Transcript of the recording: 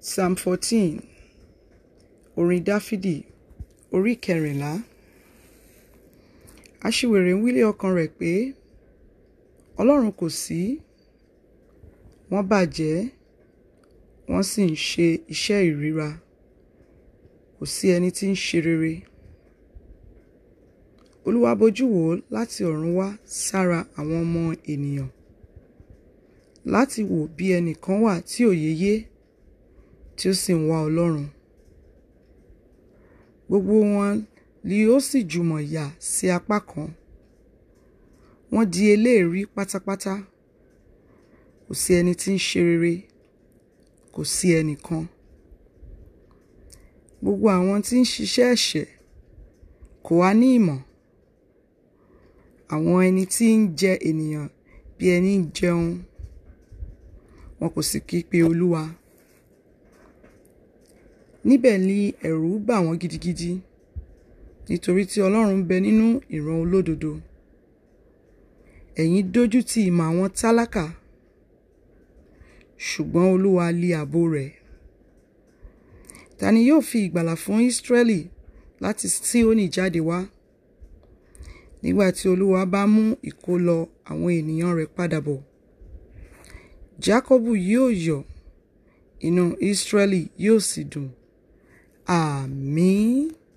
psalm fourteen orin dáfídì orí kẹrìnlá aṣiwèrè ń wílé ọkàn rẹ̀ pé ọlọ́run kò sí wọ́n bàjẹ́ wọ́n sì ń ṣe iṣẹ́ ìríra kò sí ẹni tí ń ṣe rere olúwa bójú wò ó láti ọ̀run wá sára àwọn ọmọ ènìyàn láti wò bí ẹnìkan wà tí òye yé. Ye tí ó sì ń wá Ọlọ́run. Gbogbo wọn ni ó sì jùmọ̀ yà sí apá kan. Wọ́n di eléèrí pátápátá. Kò sí ẹni tí ń ṣe rere. Kò sí ẹnìkan. Gbogbo àwọn tí ń ṣiṣẹ́ ẹ̀ṣẹ̀ kò wá ní ìmọ̀. Àwọn ẹni tí ń jẹ ènìyàn bí ẹni ń jẹun. Wọn kò sì kí pe Olúwa níbẹ̀ ni ẹ̀rù bà wọ́n gidigidi nítorí tí ọlọ́run ń bẹ nínú ìran olódodo ẹ̀yin dójú tì ìmọ̀ àwọn tálákà ṣùgbọ́n olúwa li ààbò rẹ̀ ta ni yóò fi ìgbàlà fún Ísírẹ́lì láti Síónì jáde wá nígbà tí olúwa bá mú ìkólọ àwọn ènìyàn rẹ̀ padà bọ̀ Jákọ́bù yóò yọ̀ inú Ísírẹ́lì yóò sì dùn. Amém.